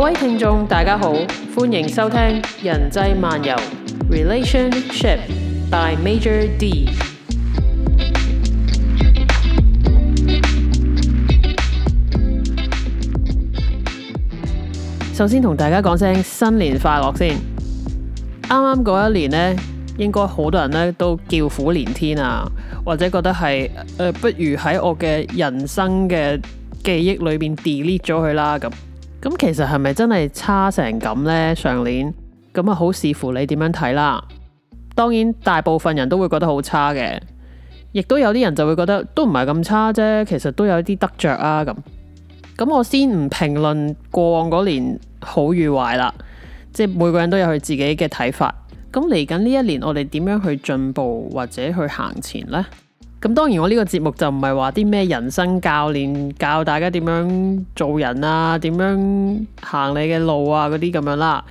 各位聽眾，大家好，歡迎收聽人際漫遊 Relationship by Major D。首先同大家講聲新年快樂先。啱啱嗰一年呢，應該好多人咧都叫苦連天啊，或者覺得係誒、呃，不如喺我嘅人生嘅記憶裏邊 delete 咗佢啦咁。咁其實係咪真係差成咁呢？上年咁啊，好視乎你點樣睇啦。當然，大部分人都會覺得好差嘅，亦都有啲人就會覺得都唔係咁差啫。其實都有一啲得着啊。咁咁，我先唔評論過往嗰年好與壞啦，即係每個人都有佢自己嘅睇法。咁嚟緊呢一年，我哋點樣去進步或者去行前呢？咁當然，我呢個節目就唔係話啲咩人生教練，教大家點樣做人啊，點樣行你嘅路啊嗰啲咁樣啦。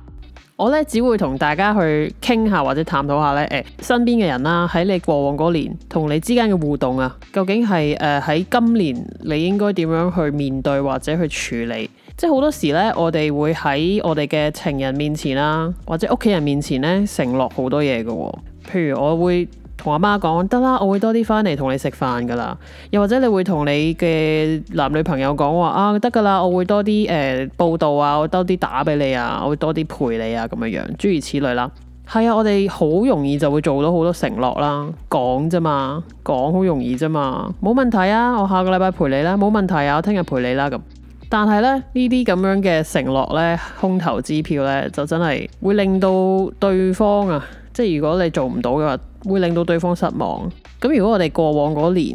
我呢，只會同大家去傾下或者探討下呢，誒身邊嘅人啦、啊，喺你過往嗰年同你之間嘅互動啊，究竟係誒喺今年你應該點樣去面對或者去處理？即係好多時呢，我哋會喺我哋嘅情人面前啦、啊，或者屋企人面前呢，承諾好多嘢嘅喎。譬如我會同阿媽講得啦，我會多啲返嚟同你食飯噶啦。又或者你會同你嘅男女朋友講話啊，得噶啦，我會多啲誒、呃、報道啊，我多啲打俾你啊，我會多啲陪你啊咁樣樣，諸如此類啦。係啊，我哋好容易就會做到好多承諾啦，講啫嘛，講好容易啫嘛，冇問題啊，我下個禮拜陪你啦，冇問題啊，我聽日陪你啦咁。但係咧，呢啲咁樣嘅承諾咧，空頭支票咧，就真係會令到對方啊～即係如果你做唔到嘅話，會令到對方失望。咁如果我哋過往嗰年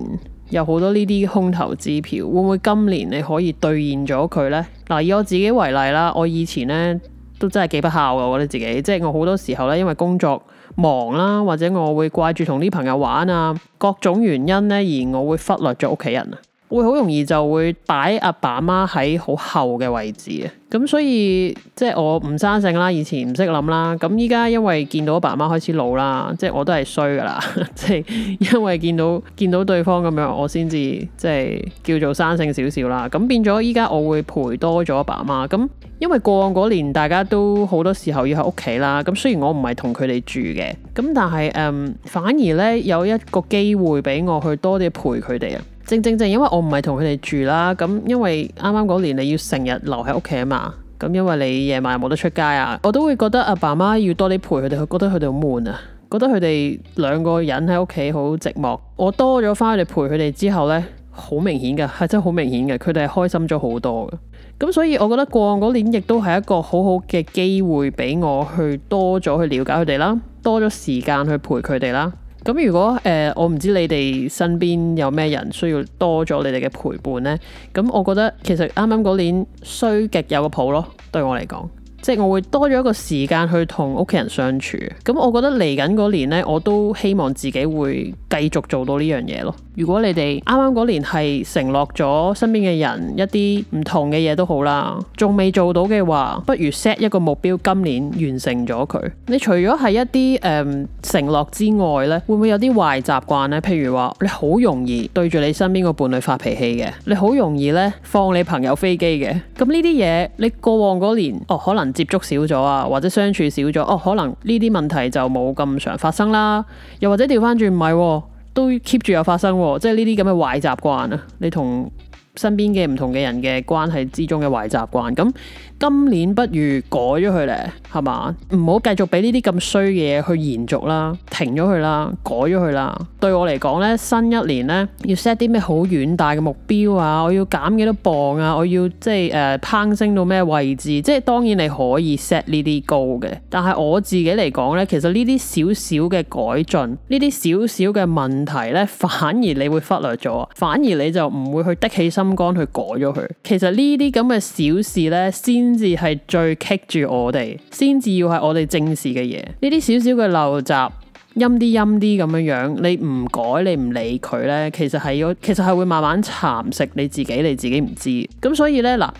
有好多呢啲空頭支票，會唔會今年你可以兌現咗佢呢？嗱，以我自己為例啦，我以前呢都真係幾不孝嘅，我覺得自己，即係我好多時候呢，因為工作忙啦，或者我會掛住同啲朋友玩啊，各種原因呢，而我會忽略咗屋企人啊。會好容易就會擺阿爸阿媽喺好後嘅位置啊！咁所以即係、就是、我唔生性啦，以前唔識諗啦。咁依家因為見到阿爸阿媽開始老啦，即係我都係衰噶啦。即 係因為見到見到對方咁樣，我先至即係叫做生性少少啦。咁變咗依家我會陪多咗阿爸阿媽。咁因為過往嗰年大家都好多時候要喺屋企啦。咁雖然我唔係同佢哋住嘅，咁但係嗯、呃、反而呢，有一個機會俾我去多啲陪佢哋啊！正正正，因為我唔係同佢哋住啦，咁因為啱啱嗰年你要成日留喺屋企啊嘛，咁因為你夜晚又冇得出街啊，我都會覺得阿爸媽要多啲陪佢哋，覺得佢哋好悶啊，覺得佢哋兩個人喺屋企好寂寞。我多咗翻去陪佢哋之後呢，好明顯嘅，係真係好明顯嘅，佢哋係開心咗好多嘅。咁所以我覺得過往年亦都係一個好好嘅機會，俾我去多咗去了解佢哋啦，多咗時間去陪佢哋啦。咁如果誒、呃，我唔知你哋身邊有咩人需要多咗你哋嘅陪伴呢？咁我覺得其實啱啱嗰年衰極有個譜咯，對我嚟講，即係我會多咗一個時間去同屋企人相處。咁我覺得嚟緊嗰年呢，我都希望自己會繼續做到呢樣嘢咯。如果你哋啱啱嗰年係承諾咗身邊嘅人一啲唔同嘅嘢都好啦，仲未做到嘅話，不如 set 一個目標，今年完成咗佢。你除咗係一啲誒、嗯、承諾之外呢，會唔會有啲壞習慣呢？譬如話你好容易對住你身邊個伴侶發脾氣嘅，你好容易呢，放你朋友飛機嘅。咁呢啲嘢，你過往嗰年哦可能接觸少咗啊，或者相處少咗哦，可能呢啲問題就冇咁常發生啦。又或者調翻轉唔係。都 keep 住有發生，即係呢啲咁嘅壞習慣啊，你同～身邊嘅唔同嘅人嘅關係之中嘅壞習慣，咁今年不如改咗佢咧，係嘛？唔好繼續俾呢啲咁衰嘅嘢去延續啦，停咗佢啦，改咗佢啦。對我嚟講咧，新一年咧要 set 啲咩好遠大嘅目標啊？我要減幾多磅啊？我要即係誒攀升到咩位置？即係當然你可以 set 呢啲高嘅，但係我自己嚟講咧，其實呢啲少少嘅改進，呢啲少少嘅問題咧，反而你會忽略咗，反而你就唔會去的起身。心肝去改咗佢，其實呢啲咁嘅小事呢，先至係最棘住我哋，先至要係我哋正視嘅嘢。呢啲少少嘅陋習，陰啲陰啲咁樣樣，你唔改，你唔理佢呢，其實係要，其實係會慢慢蠶食你自己，你自己唔知。咁所以呢，嗱，呢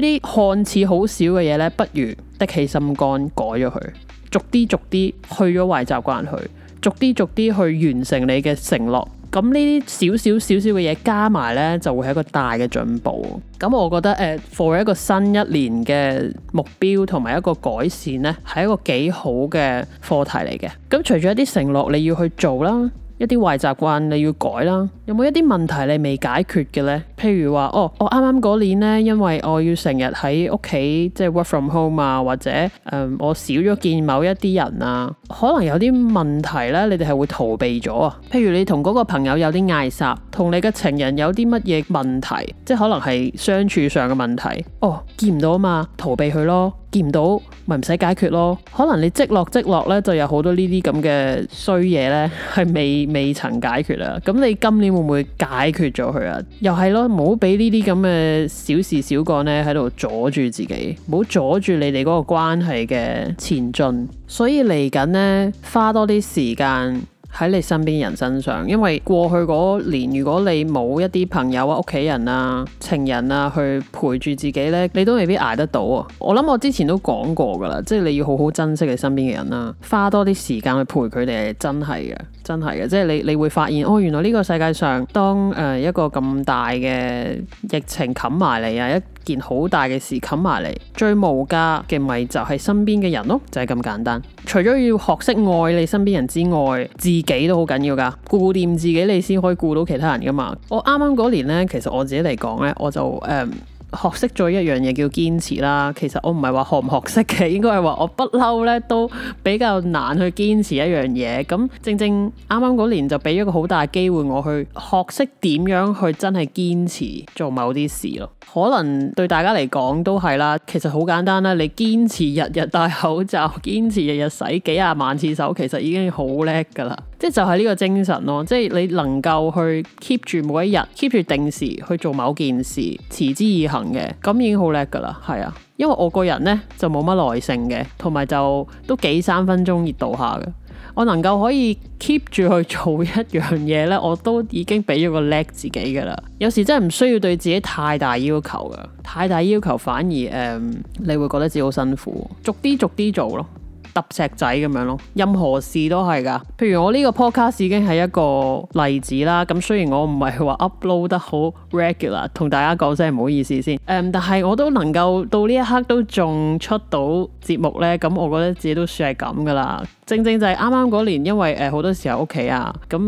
啲看似好少嘅嘢呢，不如的起心肝改咗佢，逐啲逐啲去咗壞習慣去，逐啲逐啲去完成你嘅承諾。咁呢啲少少少少嘅嘢加埋咧，就會係一個大嘅進步。咁、嗯、我覺得誒，for、呃、一個新一年嘅目標同埋一個改善呢，係一個幾好嘅課題嚟嘅。咁、嗯、除咗一啲承諾你要去做啦，一啲壞習慣你要改啦，有冇一啲問題你未解決嘅呢？譬如話哦，我啱啱嗰年呢，因為我要成日喺屋企，即係 work from home 啊，或者誒、嗯，我少咗見某一啲人啊，可能有啲問題呢，你哋係會逃避咗啊。譬如你同嗰個朋友有啲嗌霎，同你嘅情人有啲乜嘢問題，即係可能係相處上嘅問題。哦，見唔到啊嘛，逃避佢咯，見唔到咪唔使解決咯。可能你積落積落呢，就有好多呢啲咁嘅衰嘢呢，係未未曾解決啊。咁你今年會唔會解決咗佢啊？又係咯。唔好俾呢啲咁嘅小事小過呢喺度阻住自己，唔好阻住你哋嗰個關係嘅前進。所以嚟緊呢，花多啲時間。喺你身邊人身上，因為過去嗰年，如果你冇一啲朋友啊、屋企人啊、情人啊去陪住自己咧，你都未必捱得到啊！我諗我之前都講過㗎喇，即係你要好好珍惜你身邊嘅人啦，花多啲時間去陪佢哋，真係嘅，真係嘅，即係你你會發現，哦，原來呢個世界上，當誒、呃、一個咁大嘅疫情冚埋嚟啊！一件好大嘅事冚埋嚟，最無價嘅咪就係身邊嘅人咯，就係、是、咁簡單。除咗要學識愛你身邊人之外，自己都好緊要噶，顧掂自己你先可以顧到其他人噶嘛。我啱啱嗰年呢，其實我自己嚟講呢，我就誒。嗯學識咗一樣嘢叫堅持啦。其實我唔係話學唔學識嘅，應該係話我不嬲咧都比較難去堅持一樣嘢。咁正正啱啱嗰年就俾咗個好大機會我去學識點樣去真係堅持做某啲事咯。可能對大家嚟講都係啦。其實好簡單啦，你堅持日日戴口罩，堅持日日洗幾廿萬次手，其實已經好叻噶啦。即就係呢個精神咯，即係你能夠去 keep 住每一日，keep 住定時去做某件事，持之以恆嘅，咁已經好叻噶啦，係啊。因為我個人呢，就冇乜耐性嘅，同埋就都幾三分鐘熱度下嘅。我能夠可以 keep 住去做一樣嘢呢，我都已經俾咗個叻自己噶啦。有時真係唔需要對自己太大要求噶，太大要求反而誒、嗯、你會覺得自己好辛苦，逐啲逐啲做咯。揼石仔咁樣咯，任何事都係㗎。譬如我呢個 podcast 已經係一個例子啦。咁雖然我唔係話 upload 得好 regular，同大家講聲唔好意思先。誒、嗯，但係我都能夠到呢一刻都仲出到節目呢。咁我覺得自己都算係咁㗎啦。正正就係啱啱嗰年，因為誒好、呃、多時候屋企啊，咁誒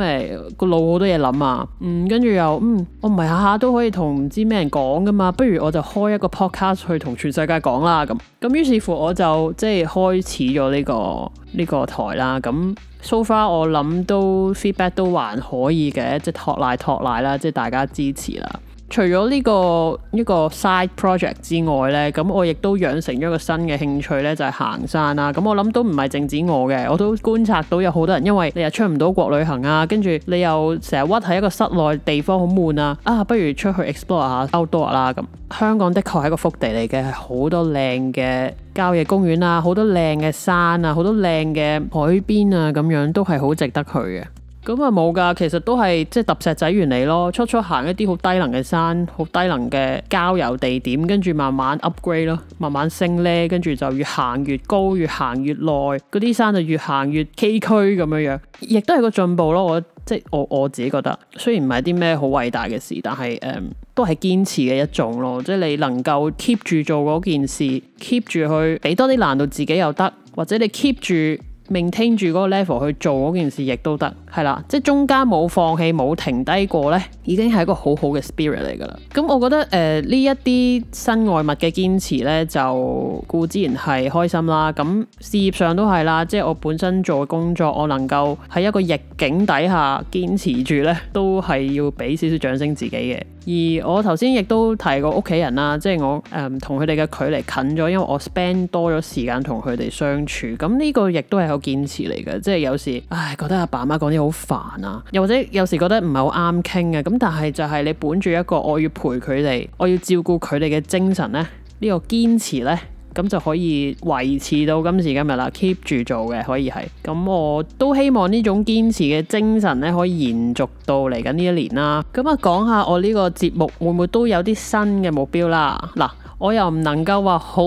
個腦好多嘢諗啊，嗯，跟住又嗯，我唔係下下都可以同唔知咩人講噶嘛，不如我就開一個 podcast 去同全世界講啦，咁咁於是乎我就即係開始咗呢、呢個呢、呢個台啦，咁 so far 我諗都 feedback 都還可以嘅，即係托賴托賴啦，即係大家支持啦。除咗呢個、呢個一、呢個 side project 之外呢，咁我亦都養成咗個新嘅興趣呢，就係、係、行山啦，啊。咁我諗都唔係淨止我嘅，我都觀察到有好多人因為你又出唔到國旅行啊，跟住你又成日屈喺一個室內地方好悶啊，啊不如出去 explore 下 outdoor 啦。咁香港的確係一個福地嚟嘅，係好多靚嘅郊野公園啊，好多靚嘅山啊，好多靚嘅海邊啊，咁樣都係好值得去嘅。咁啊冇噶，其實都係即係揼石仔原理咯。初初行一啲好低能嘅山，好低能嘅郊遊地點，跟住慢慢 upgrade 咯，慢慢升咧，跟住就越行越高，越行越耐，嗰啲山就越行越崎嶇咁樣樣，亦都係個進步咯。我即係我我自己覺得，雖然唔係啲咩好偉大嘅事，但係誒、呃、都係堅持嘅一種咯。即係你能夠 keep 住做嗰件事，keep 住去俾多啲難度自己又得，或者你 keep 住。明聽住嗰個 level 去做嗰件事亦都得，係啦，即係中間冇放棄冇停低過呢，已經係一個好好嘅 spirit 嚟噶啦。咁我覺得誒呢一啲身外物嘅堅持呢，就固之然係開心啦。咁事業上都係啦，即係我本身做嘅工作，我能夠喺一個逆境底下堅持住呢，都係要俾少少掌聲自己嘅。而我頭先亦都提過屋企人啦，即係我誒同佢哋嘅距離近咗，因為我 spend 多咗時間同佢哋相處。咁呢個亦都係有堅持嚟嘅，即係有時唉覺得阿爸媽講啲好煩啊，又或者有時覺得唔係好啱傾啊。咁但係就係你本住一個我要陪佢哋，我要照顧佢哋嘅精神咧，這個、堅呢個堅持咧。咁就可以維持到今時今日啦，keep 住做嘅可以係。咁我都希望呢種堅持嘅精神咧，可以延續到嚟緊呢一年啦。咁啊，講下我呢個節目會唔會都有啲新嘅目標啦？嗱，我又唔能夠話好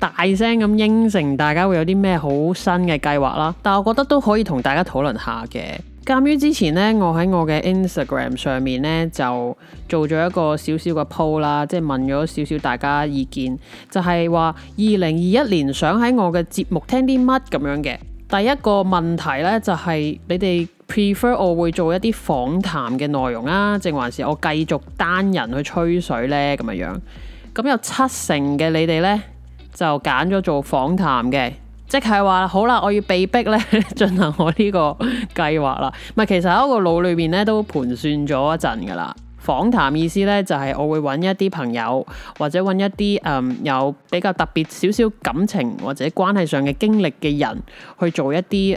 大聲咁應承大家會有啲咩好新嘅計劃啦，但我覺得都可以同大家討論下嘅。鑒於之前呢，我喺我嘅 Instagram 上面呢，就做咗一個小小嘅 poll 啦，即係問咗少少大家意見，就係話二零二一年想喺我嘅節目聽啲乜咁樣嘅。第一個問題呢，就係、是、你哋 prefer 我會做一啲訪談嘅內容啊，定還是我繼續單人去吹水呢？咁嘅樣？咁有七成嘅你哋呢，就揀咗做訪談嘅。即係話好啦，我要被逼咧進行我呢個計劃啦。唔係，其實喺個腦裏邊咧都盤算咗一陣噶啦。訪談意思咧就係、是、我會揾一啲朋友或者揾一啲誒、嗯、有比較特別少少感情或者關係上嘅經歷嘅人去做一啲誒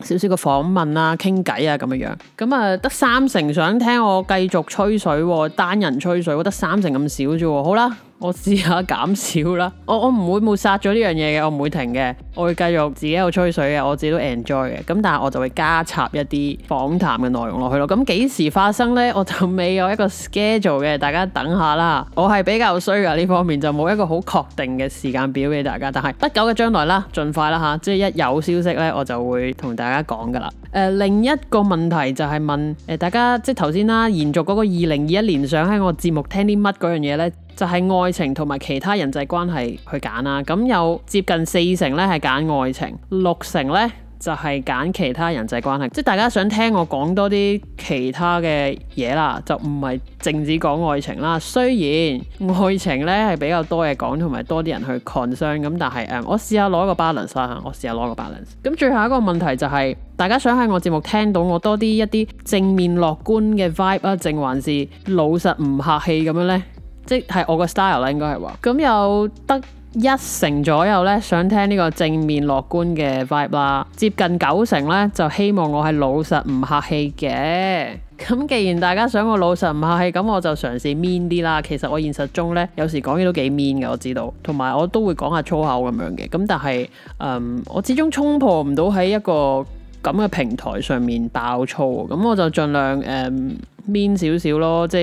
少少嘅訪問啊、傾偈啊咁樣樣、啊。咁啊得三成想聽我繼續吹水、啊，單人吹水、啊，我得三成咁少啫、啊。好啦。我試下減少啦，我我唔會抹殺咗呢樣嘢嘅，我唔會，會停嘅，我會繼續自己喺度吹水嘅，我自己都 enjoy 嘅。咁但係我就會加插一啲訪談嘅內容落去咯。咁幾時發生呢？我就未有一個 schedule 嘅，大家等下啦。我係比較衰噶呢方面，就冇一個好確定嘅時間表俾大家。但係不久嘅將來啦，盡快啦吓、啊。即係一有消息呢，我就會同大家講噶啦。誒、呃、另一個問題就係問誒、呃、大家，即係頭先啦，延續嗰個二零二一年想喺我節目聽啲乜嗰樣嘢呢？就係愛情同埋其他人際關係去揀啦。咁有接近四成咧係揀愛情，六成咧就係、是、揀其他人際關係。即係大家想聽我講多啲其他嘅嘢啦，就唔係淨止講愛情啦。雖然愛情咧係比較多嘢講，同埋多啲人去 concern 咁，但係誒、嗯，我試下攞個 balance 啊，我試下攞個 balance。咁最後一個問題就係、是，大家想喺我節目聽到我多啲一啲正面樂觀嘅 vibe 啊，淨還是老實唔客氣咁樣呢？即係我個 style 咧，應該係話咁有得一成左右呢，想聽呢個正面樂觀嘅 vibe 啦。接近九成呢，就希望我係老實唔客氣嘅。咁既然大家想我老實唔客氣，咁我就嘗試 mean 啲啦。其實我現實中呢，有時講嘢都幾 mean 嘅，我知道。同埋我都會講下粗口咁樣嘅。咁但係，嗯，我始終衝破唔到喺一個咁嘅平台上面爆粗。咁我就盡量誒，嗯邊少少咯，即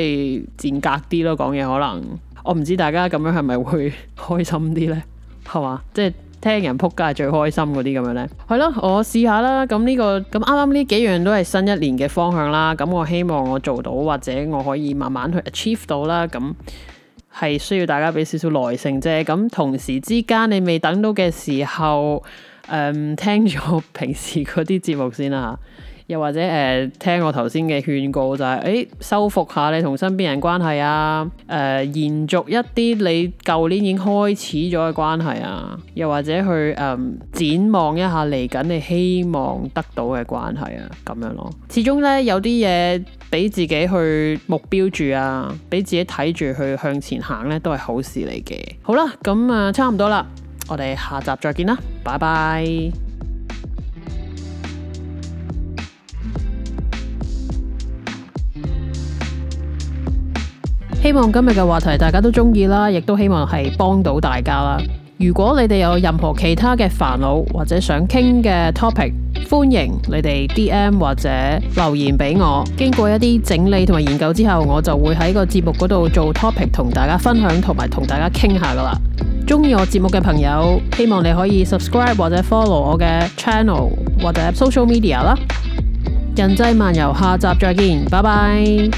係賤格啲咯，講嘢可能我唔知大家咁樣係咪會開心啲呢？係嘛，即係聽人撲街係最開心嗰啲咁樣呢？係咯，我試下啦。咁呢、呢個咁啱啱呢幾樣都係新一年嘅方向啦。咁我希望我做到，或者我可以慢慢去 achieve 到啦。咁係需要大家俾少少耐性啫。咁同時之間你未等到嘅時候，誒、嗯，聽咗平時嗰啲節目先啦又或者誒、呃、聽我頭先嘅勸告就係、是，誒修復下你同身邊人關係啊，誒、呃、延續一啲你舊年已經開始咗嘅關係啊，又或者去誒、呃、展望一下嚟緊你希望得到嘅關係啊，咁樣咯。始終呢，有啲嘢俾自己去目標住啊，俾自己睇住去向前行呢，都係好事嚟嘅。好啦，咁、嗯、啊差唔多啦，我哋下集再見啦，拜拜。希望今日嘅話題大家都中意啦，亦都希望係幫到大家啦。如果你哋有任何其他嘅煩惱或者想傾嘅 topic，歡迎你哋 DM 或者留言俾我。經過一啲整理同埋研究之後，我就會喺個節目嗰度做 topic 同大家分享，同埋同大家傾下噶啦。中意我節目嘅朋友，希望你可以 subscribe 或者 follow 我嘅 channel 或者 social media 啦。人際漫遊，下集再見，拜拜。